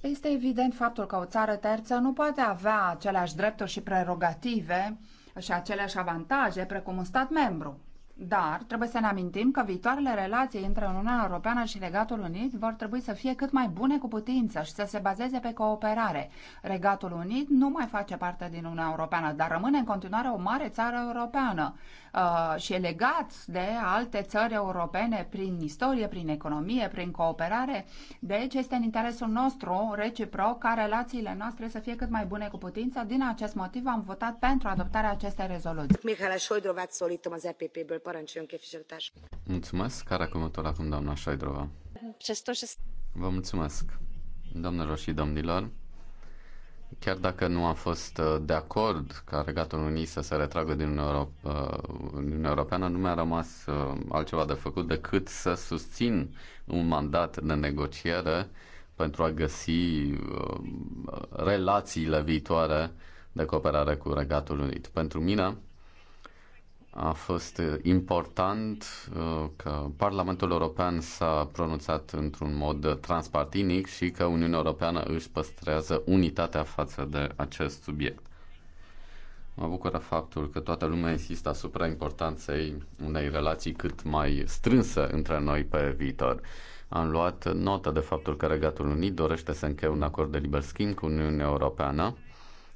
Este evident faptul că o țară terță nu poate avea aceleași drepturi și prerogative și aceleași avantaje precum un stat membru. Dar trebuie să ne amintim că viitoarele relații între Uniunea Europeană și Regatul Unit vor trebui să fie cât mai bune cu putință și să se bazeze pe cooperare. Regatul Unit nu mai face parte din Uniunea Europeană, dar rămâne în continuare o mare țară europeană uh, și e legat de alte țări europene prin istorie, prin economie, prin cooperare. Deci este în interesul nostru reciproc ca relațiile noastre să fie cât mai bune cu putință. Din acest motiv am votat pentru adoptarea acestei rezoluții. Mihaela Șoidrova, solită, EPP-ul Mulțumesc. Care acum acum, doamna Șoidrova? Vă mulțumesc, domnilor și domnilor. Chiar dacă nu am fost uh, de acord ca Regatul Unii să se retragă din uh, Uniunea Europeană, nu mi-a rămas uh, altceva de făcut decât să susțin un mandat de negociere pentru a găsi relațiile viitoare de cooperare cu Regatul Unit. Pentru mine, a fost uh, important uh, că Parlamentul European s-a pronunțat într-un mod transpartinic și că Uniunea Europeană își păstrează unitatea față de acest subiect. Mă bucură faptul că toată lumea insistă asupra importanței unei relații cât mai strânse între noi pe viitor. Am luat notă de faptul că Regatul Unit dorește să încheie un acord de liber schimb cu Uniunea Europeană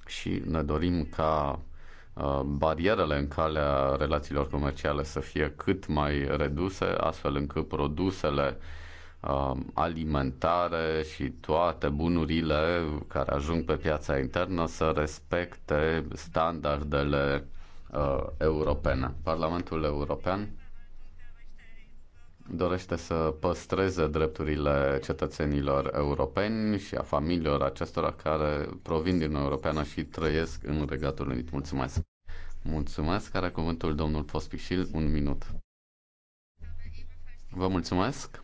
și ne dorim ca Uh, barierele în calea relațiilor comerciale să fie cât mai reduse, astfel încât produsele uh, alimentare și toate bunurile care ajung pe piața internă să respecte standardele uh, europene. Parlamentul European dorește să păstreze drepturile cetățenilor europeni și a familiilor acestora care provin din Europeană și trăiesc în Regatul Unit. Mulțumesc! Mulțumesc! Care cuvântul domnul Pospișil, un minut. Vă mulțumesc!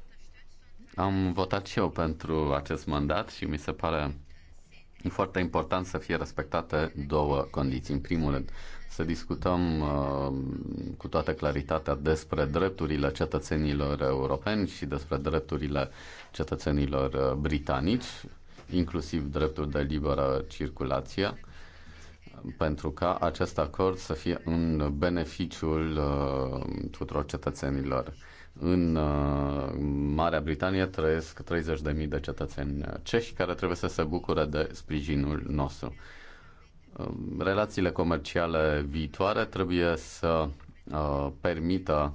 Am votat și eu pentru acest mandat și mi se pare E foarte important să fie respectate două condiții. În primul rând, să discutăm uh, cu toată claritatea despre drepturile cetățenilor europeni și despre drepturile cetățenilor uh, britanici, inclusiv dreptul de liberă circulație, pentru ca acest acord să fie în beneficiul uh, tuturor cetățenilor în uh, Marea Britanie trăiesc 30.000 de cetățeni cehi care trebuie să se bucure de sprijinul nostru. Um, relațiile comerciale viitoare trebuie să uh, permită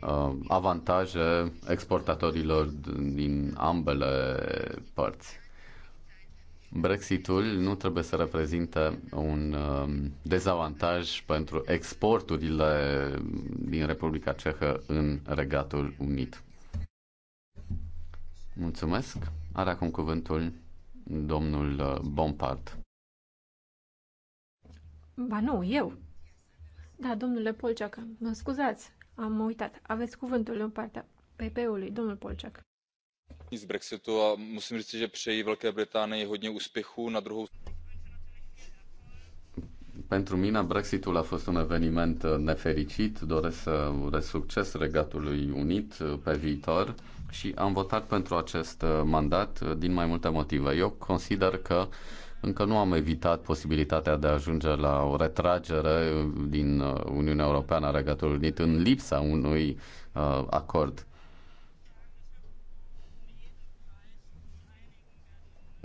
uh, avantaje exportatorilor din ambele părți. Brexitul nu trebuie să reprezinte un um, dezavantaj pentru exporturile din Republica Cehă în Regatul Unit. Mulțumesc. Are acum cuvântul domnul uh, Bompard. Ba nu, eu. Da, domnule Polceac, mă scuzați, am uitat. Aveți cuvântul în partea PP-ului, domnul Polceac z brexitu a musím říci že přeji velké británii hodně úspěchů. na druhou pentru mine Brexitul a fost un eveniment nefericit, doresc să urez succes Regatului Unit pe viitor și am votat pentru acest mandat din mai multe motive. Eu consider că încă nu am evitat posibilitatea de a ajunge la o retragere din Uniunea Europeană a Regatului Unit în lipsa unui uh, acord.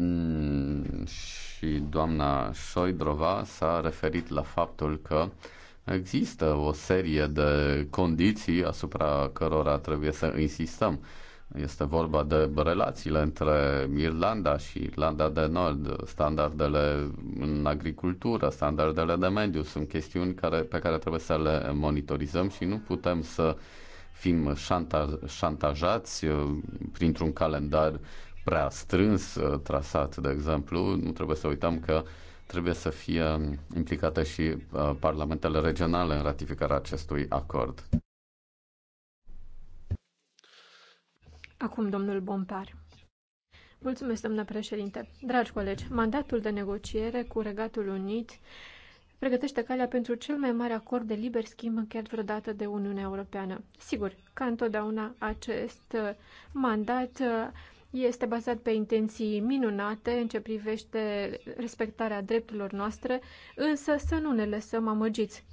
Mm, și doamna Șoidrova s-a referit la faptul că există o serie de condiții asupra cărora trebuie să insistăm. Este vorba de relațiile între Irlanda și Irlanda de Nord, standardele în agricultură, standardele de mediu. Sunt chestiuni care, pe care trebuie să le monitorizăm și nu putem să fim șantaj, șantajați uh, printr-un calendar prea strâns uh, trasat, de exemplu, nu trebuie să uităm că trebuie să fie implicate și uh, parlamentele regionale în ratificarea acestui acord. Acum, domnul Bompar. Mulțumesc, domnule președinte. Dragi colegi, mandatul de negociere cu Regatul Unit pregătește calea pentru cel mai mare acord de liber schimb încheiat vreodată de Uniunea Europeană. Sigur, ca întotdeauna, acest uh, mandat este bazat pe intenții minunate în ce privește respectarea drepturilor noastre, însă să nu ne lăsăm amăgiți,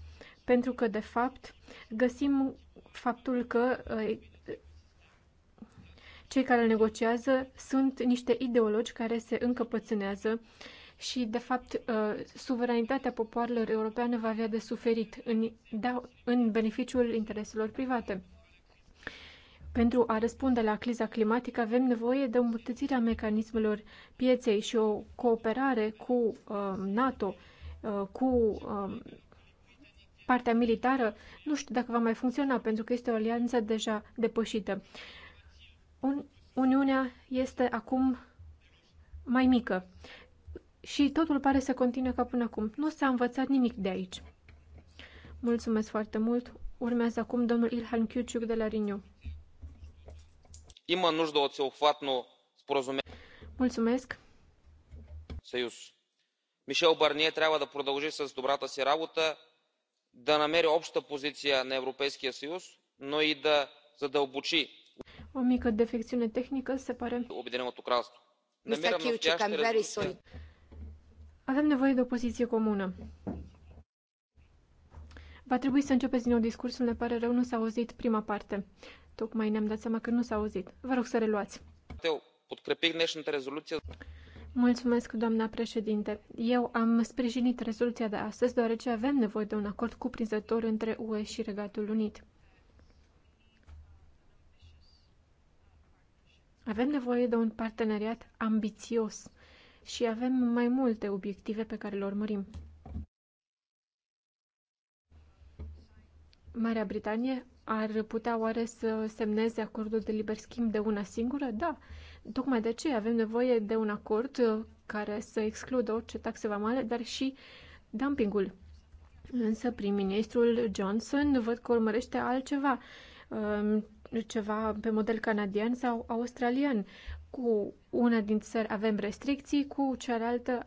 pentru că, de fapt, găsim faptul că uh, cei care negociază sunt niște ideologi care se încăpățânează și, de fapt, uh, suveranitatea popoarelor europeană va avea de suferit în, da, în beneficiul intereselor private. Pentru a răspunde la criza climatică avem nevoie de îmbunătățirea mecanismelor pieței și o cooperare cu uh, NATO, uh, cu uh, partea militară. Nu știu dacă va mai funcționa, pentru că este o alianță deja depășită. Un, Uniunea este acum mai mică și totul pare să continue ca până acum. Nu s-a învățat nimic de aici. Mulțumesc foarte mult. Urmează acum domnul Ilhan Kiuciuc de la Riniu има нужда от всеобхватно споразумение. Мулцумеск. Съюз. Мишел Барние трябва да продължи с добрата си работа, да намери обща позиция на Европейския съюз, но и да задълбочи. O mică defecțiune tehnică, se pare. Обединеното кралство. Mr. Chiucic, I'm very sorry. Avem nevoie de o poziție comună. Va trebui să începeți din nou discursul, ne pare rău, nu s-a auzit prima parte. Tocmai ne-am dat seama că nu s-a auzit. Vă rog să reluați. Eu pot rezoluție. Mulțumesc, doamna președinte. Eu am sprijinit rezoluția de astăzi, deoarece avem nevoie de un acord cuprinzător între UE și Regatul Unit. Avem nevoie de un parteneriat ambițios și avem mai multe obiective pe care le urmărim. Marea Britanie ar putea oare să semneze acordul de liber schimb de una singură? Da. Tocmai de aceea avem nevoie de un acord uh, care să excludă orice taxe vamale, dar și dumpingul. Însă prim-ministrul Johnson văd că urmărește altceva, um, ceva pe model canadian sau australian. Cu una din țări avem restricții, cu cealaltă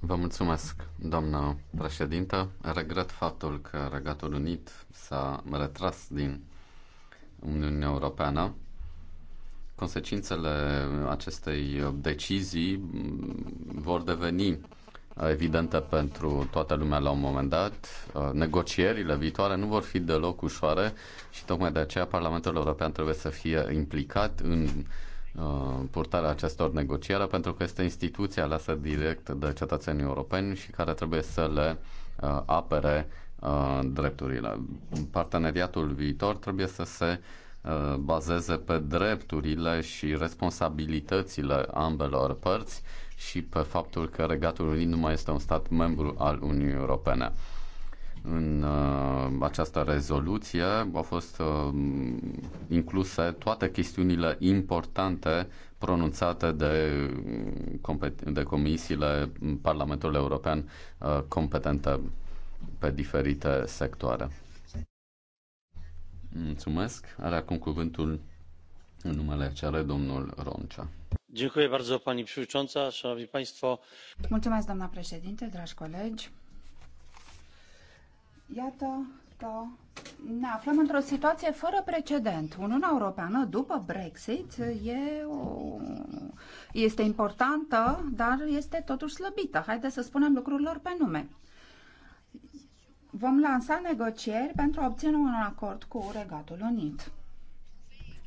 Vă mulțumesc, doamnă președintă. Regret faptul că Regatul Unit s-a retras din Uniunea Europeană. Consecințele acestei decizii vor deveni evidente pentru toată lumea la un moment dat. Negocierile viitoare nu vor fi deloc ușoare și tocmai de aceea Parlamentul European trebuie să fie implicat în Uh, purtarea acestor negociere, pentru că este instituția aleasă direct de cetățenii europeni și care trebuie să le uh, apere uh, drepturile. Parteneriatul viitor trebuie să se bazeze pe drepturile și responsabilitățile ambelor părți și pe faptul că Regatul Unit nu mai este un stat membru al Uniunii Europene în uh, această rezoluție au fost uh, incluse toate chestiunile importante pronunțate de, uh, de comisiile Parlamentului European uh, competente pe diferite sectoare. Mulțumesc. Are acum cuvântul în numele CR, domnul Roncea. Mulțumesc, doamna președinte, dragi colegi Iată că ne aflăm într-o situație fără precedent. Uniunea Europeană, după Brexit, e o... este importantă, dar este totuși slăbită. Haideți să spunem lucrurilor pe nume. Vom lansa negocieri pentru a obține un acord cu Regatul Unit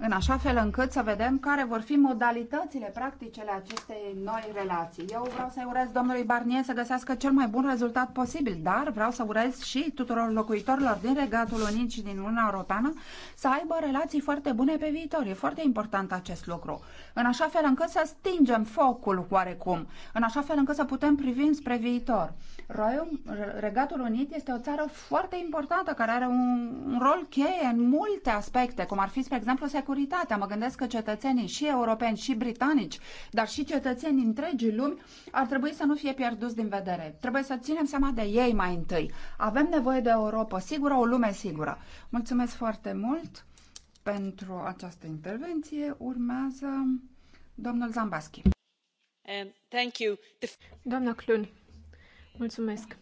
în așa fel încât să vedem care vor fi modalitățile practicele acestei noi relații. Eu vreau să-i urez domnului Barnier să găsească cel mai bun rezultat posibil, dar vreau să urez și tuturor locuitorilor din Regatul Unit și din Uniunea Europeană să aibă relații foarte bune pe viitor. E foarte important acest lucru. În așa fel încât să stingem focul oarecum, în așa fel încât să putem privi spre viitor. Royal, Regatul Unit este o țară foarte importantă care are un, un rol cheie în multe aspecte, cum ar fi, spre exemplu, secundar securitatea. Mă gândesc că cetățenii și europeni și britanici, dar și cetățenii întregii lumi ar trebui să nu fie pierduți din vedere. Trebuie să ținem seama de ei mai întâi. Avem nevoie de Europa sigură, o lume sigură. Mulțumesc foarte mult pentru această intervenție. Urmează domnul Zambaschi. Um, you, Doamna Clun, mulțumesc.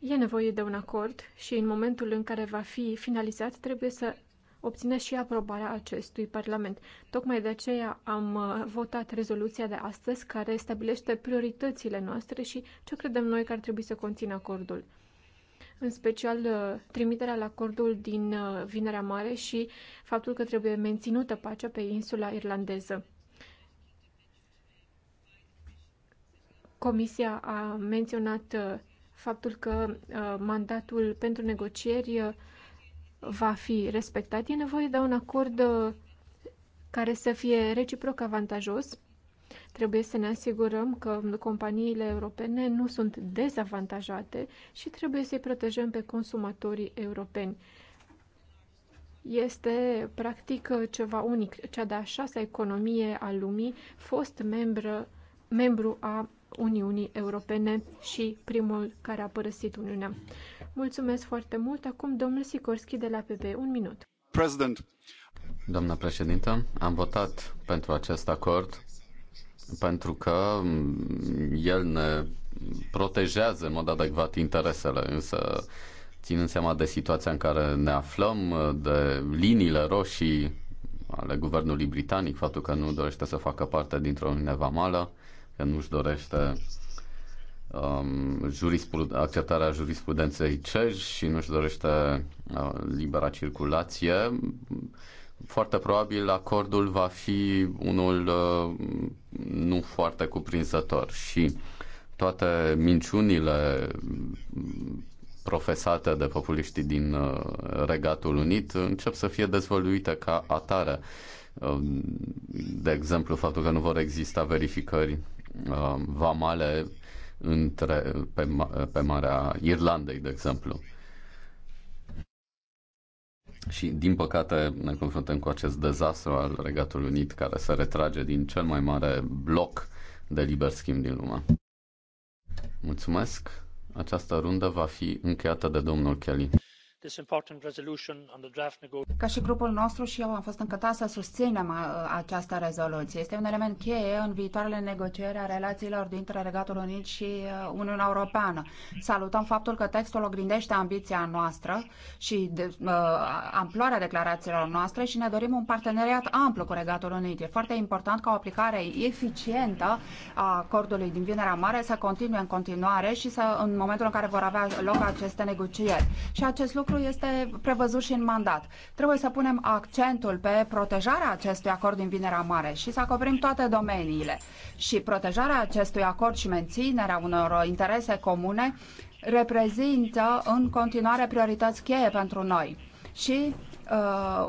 E nevoie de un acord și în momentul în care va fi finalizat trebuie să Obține și aprobarea acestui Parlament. Tocmai de aceea am uh, votat rezoluția de astăzi care stabilește prioritățile noastre și ce credem noi că ar trebui să conțină acordul. În special uh, trimiterea la acordul din uh, Vinerea Mare și faptul că trebuie menținută pacea pe insula irlandeză. Comisia a menționat faptul că mandatul pentru negocieri va fi respectat, e nevoie de un acord uh, care să fie reciproc avantajos. Trebuie să ne asigurăm că companiile europene nu sunt dezavantajate și trebuie să-i protejăm pe consumatorii europeni. Este practic ceva unic. Cea de-a șasea economie a lumii, fost membră, membru a Uniunii Europene și primul care a părăsit Uniunea. Mulțumesc foarte mult. Acum domnul Sikorski de la PP. Un minut. President. Doamna președintă, am votat pentru acest acord pentru că el ne protejează în mod adecvat interesele, însă ținând seama de situația în care ne aflăm, de liniile roșii ale guvernului britanic, faptul că nu dorește să facă parte dintr-o nevamală, că nu-și dorește um, jurisprud- acceptarea jurisprudenței CEJ și nu-și dorește uh, libera circulație, foarte probabil acordul va fi unul uh, nu foarte cuprinzător și toate minciunile profesate de populiștii din uh, Regatul Unit încep să fie dezvăluite ca atare. Uh, de exemplu, faptul că nu vor exista verificări uh, vamale între, pe, pe Marea Irlandei, de exemplu. Și, din păcate, ne confruntăm cu acest dezastru al Regatului Unit care se retrage din cel mai mare bloc de liber schimb din lume. Mulțumesc! Această rundă va fi încheiată de domnul Kelly. Ca și grupul nostru și eu am fost încântat să susținem uh, această rezoluție. Este un element cheie în viitoarele negocieri a relațiilor dintre Regatul Unit și uh, Uniunea Europeană. Salutăm faptul că textul oglindește ambiția noastră și de, uh, amploarea declarațiilor noastre și ne dorim un parteneriat amplu cu Regatul Unit. E foarte important ca o aplicare eficientă a acordului din Vinerea Mare să continue în continuare și să în momentul în care vor avea loc aceste negocieri. Și acest lucru lucru este prevăzut și în mandat. Trebuie să punem accentul pe protejarea acestui acord din Vinerea Mare și să acoperim toate domeniile. Și protejarea acestui acord și menținerea unor interese comune reprezintă în continuare priorități cheie pentru noi. Și Uh,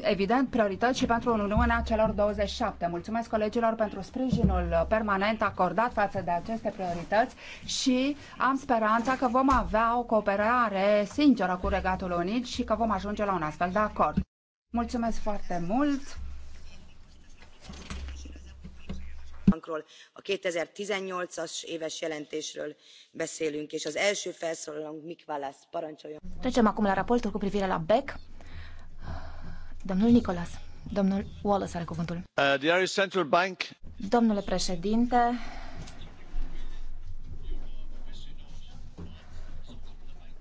evident, priorități și pentru Uniunea celor 27. Mulțumesc colegilor pentru sprijinul permanent acordat față de aceste priorități și am speranța că vom avea o cooperare sinceră cu Regatul Unit și că vom ajunge la un astfel de acord. Mulțumesc foarte mult! bankról a 2018 as éves jelentésről beszélünk és az első felszólalunk mikvá lesz, parancsoljon. trecem acum la raportul cu privire la bec. Domnul Nicolas. Domnul Wallace are cuvântul. Uh, the Irish Central Bank. Domnule președinte,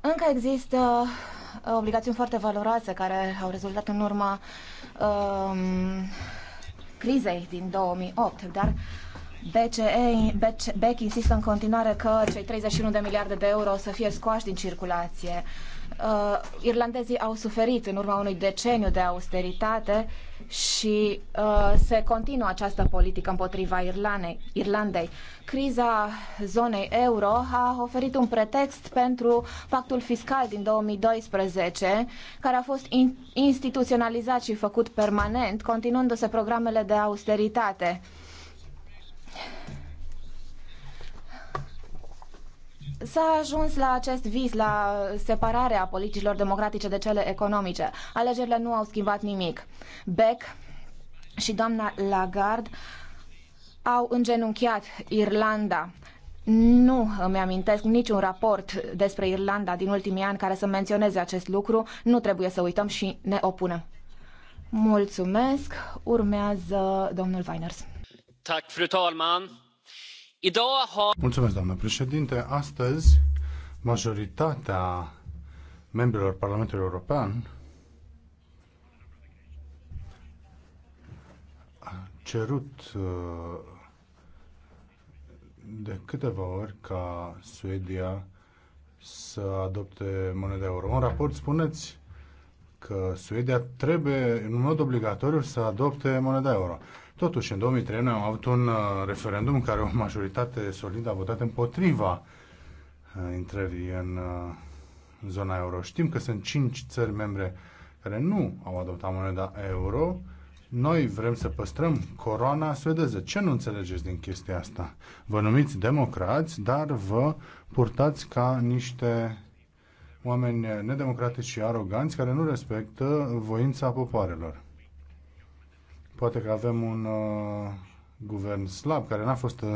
încă există uh, obligațiuni foarte valoroase care au rezultat în urma um, crizei din 2008, dar BCE, BEC insistă în continuare că cei 31 de miliarde de euro o să fie scoași din circulație. Uh, uh, irlandezii au suferit în urma unui deceniu de austeritate și uh, se continuă această politică împotriva Irlandei. Criza zonei euro a oferit un pretext pentru pactul fiscal din 2012, care a fost in- instituționalizat și făcut permanent, continuându-se programele de austeritate. S-a ajuns la acest vis, la separarea politicilor democratice de cele economice. Alegerile nu au schimbat nimic. Beck și doamna Lagarde au îngenunchiat Irlanda. Nu îmi amintesc niciun raport despre Irlanda din ultimii ani care să menționeze acest lucru. Nu trebuie să uităm și ne opunem. Mulțumesc. Urmează domnul Weiners. Tak, fru talman. Mulțumesc, doamnă președinte. Astăzi, majoritatea membrilor Parlamentului European a cerut uh, de câteva ori ca Suedia să adopte moneda euro. În raport spuneți că Suedia trebuie, în mod obligatoriu, să adopte moneda euro. Totuși, în 2003 noi am avut un uh, referendum în care o majoritate solidă a votat împotriva uh, intrării în uh, zona euro. Știm că sunt cinci țări membre care nu au adoptat moneda euro. Noi vrem să păstrăm coroana suedeză. Ce nu înțelegeți din chestia asta? Vă numiți democrați, dar vă purtați ca niște oameni nedemocratici și aroganți care nu respectă voința popoarelor. Poate că avem un uh, guvern slab care n-a fost uh,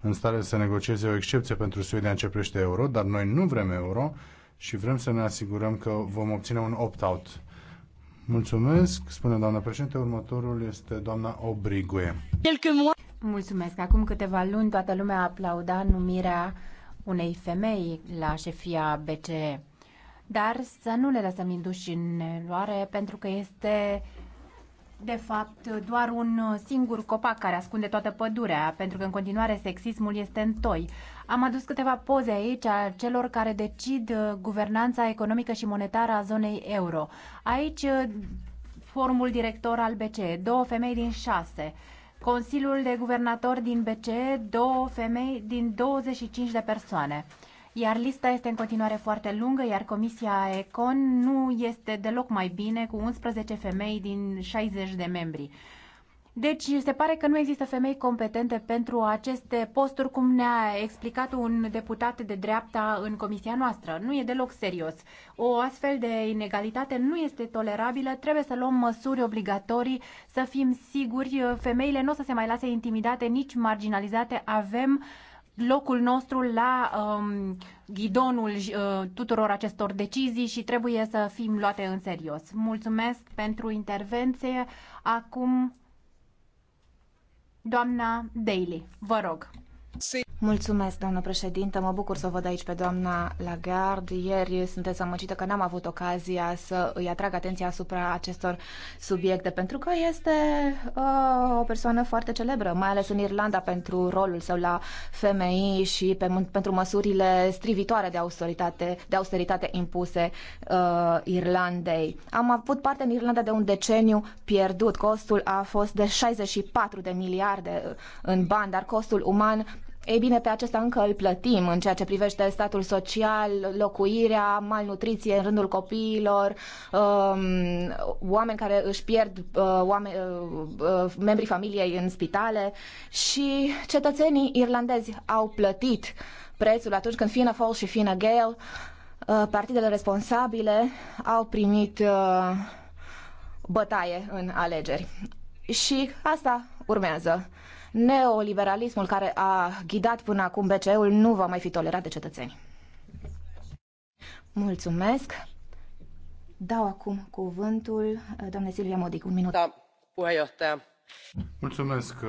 în stare să negocieze o excepție pentru Suedia în ce privește euro, dar noi nu vrem euro și vrem să ne asigurăm că vom obține un opt-out. Mulțumesc, spune doamna președinte. Următorul este doamna Obrigue. Mulțumesc. Acum câteva luni toată lumea aplauda numirea unei femei la șefia BCE. Dar să nu le lăsăm induși în eroare pentru că este de fapt, doar un singur copac care ascunde toată pădurea, pentru că în continuare sexismul este în toi. Am adus câteva poze aici a celor care decid uh, guvernanța economică și monetară a zonei euro. Aici, uh, formul director al BCE, două femei din șase. Consiliul de guvernatori din BCE, două femei din 25 de persoane iar lista este în continuare foarte lungă, iar Comisia Econ nu este deloc mai bine cu 11 femei din 60 de membri. Deci se pare că nu există femei competente pentru aceste posturi, cum ne-a explicat un deputat de dreapta în comisia noastră. Nu e deloc serios. O astfel de inegalitate nu este tolerabilă, trebuie să luăm măsuri obligatorii, să fim siguri, femeile nu o să se mai lase intimidate, nici marginalizate. Avem uh, locul nostru la um, ghidonul uh, tuturor acestor decizii și trebuie să fim luate în serios. Mulțumesc pentru intervenție. Acum, doamna Daly, vă rog. Mulțumesc, doamnă președintă. Mă bucur să o văd aici pe doamna Lagarde. Ieri sunteți amăcită că n-am avut ocazia să îi atrag atenția asupra acestor subiecte, pentru că este uh, o persoană foarte celebră, mai ales în Irlanda, pentru rolul său la femei și pe, pentru măsurile strivitoare de austeritate, de austeritate impuse uh, Irlandei. Am avut parte în Irlanda de un deceniu pierdut. Costul a fost de 64 de miliarde uh, în bani, dar costul uman ei bine, pe acesta încă îl plătim în ceea ce privește statul social, locuirea, malnutriție în rândul copiilor, um, oameni care își pierd uh, oameni, uh, uh, membrii familiei în spitale și cetățenii irlandezi au plătit prețul atunci când Fianna Fáil și Fianna Gael, partidele responsabile, au primit bătaie în alegeri. Și asta urmează. Neoliberalismul care a ghidat până acum BCE-ul nu va mai fi tolerat de cetățeni. Mulțumesc. Dau acum cuvântul uh, doamnei Silvia Modic. Un minut. Da, Mulțumesc, uh,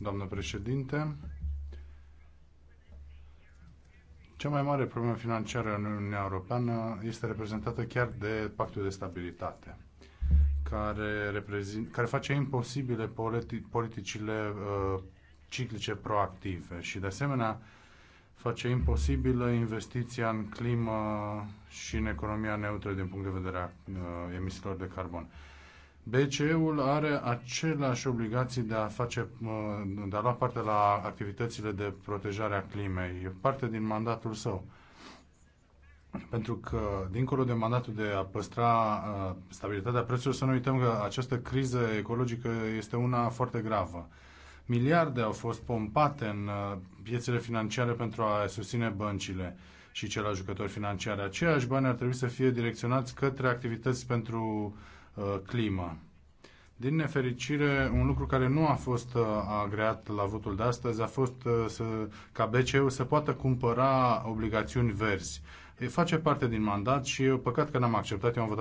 doamnă președinte. Cea mai mare problemă financiară în Uniunea Europeană este reprezentată chiar de pactul de stabilitate care, reprezint, care face imposibile politi, politicile uh, ciclice proactive și, de asemenea, face imposibilă investiția în climă și în economia neutră din punct de vedere a uh, emisiilor de carbon. BCE-ul are aceleași obligații de a, face, uh, de a lua parte la activitățile de protejare a climei, e parte din mandatul său. Pentru că, dincolo de mandatul de a păstra uh, stabilitatea prețurilor, să nu uităm că această criză ecologică este una foarte gravă. Miliarde au fost pompate în uh, piețele financiare pentru a susține băncile și celălalt jucători financiari. Aceiași bani ar trebui să fie direcționați către activități pentru uh, climă. Din nefericire, un lucru care nu a fost uh, agreat la votul de astăzi a fost uh, să, ca BCE să poată cumpăra obligațiuni verzi. Face parte din mandat și e păcat că n-am acceptat, eu am votat